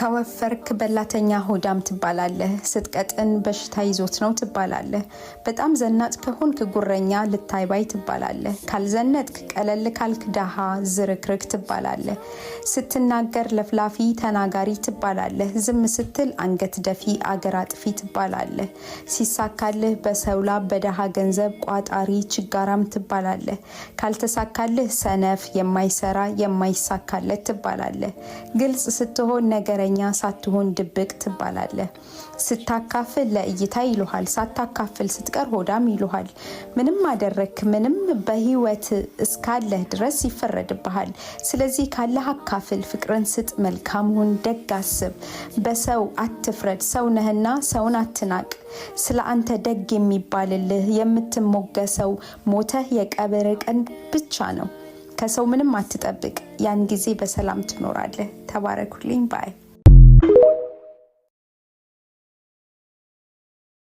ከወፈርክ በላተኛ ሆዳም ትባላለህ። ስትቀጥን በሽታ ይዞት ነው ትባላለህ። በጣም ዘናጥ ከሆንክ ጉረኛ፣ ልታይባይ ትባላለህ። ካልዘነጥክ ቀለል ካልክ ዳሃ፣ ዝርክርክ ትባላለህ። ስትናገር ለፍላፊ፣ ተናጋሪ ትባላለህ። ዝም ስትል አንገት ደፊ፣ አገር አጥፊ ትባላለህ። ሲሳካልህ በሰውላ በደሃ በዳሃ ገንዘብ ቋጣሪ፣ ችጋራም ትባላለህ። ካልተሳካልህ ሰነፍ፣ የማይሰራ የማይሳካለት ትባላለህ። ግልጽ ስትሆን ነገረ ፈቃደኛ ሳትሆን ድብቅ ትባላለህ። ስታካፍል ለእይታ ይሉሃል፣ ሳታካፍል ስትቀር ሆዳም ይሉሃል። ምንም አደረክ ምንም በህይወት እስካለህ ድረስ ይፈረድብሃል። ስለዚህ ካለህ አካፍል፣ ፍቅርን ስጥ፣ መልካም ደግ አስብ፣ በሰው አትፍረድ። ሰው ነህና ሰውን አትናቅ። ስለ አንተ ደግ የሚባልልህ የምትሞገሰው ሞተህ የቀብር ቀን ብቻ ነው። ከሰው ምንም አትጠብቅ። ያን ጊዜ በሰላም ትኖራለህ። ተባረኩልኝ ባይ